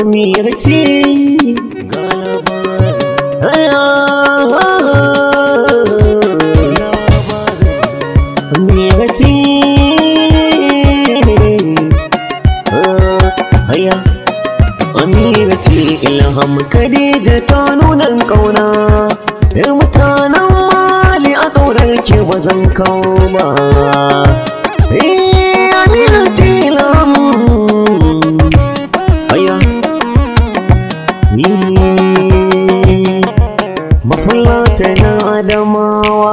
Umirci galaba Umirci ilham Khadija ta nunan kauna Mutanen mali a ƙaurar ke bazan kawo ba Mafulla mafulata na adamawa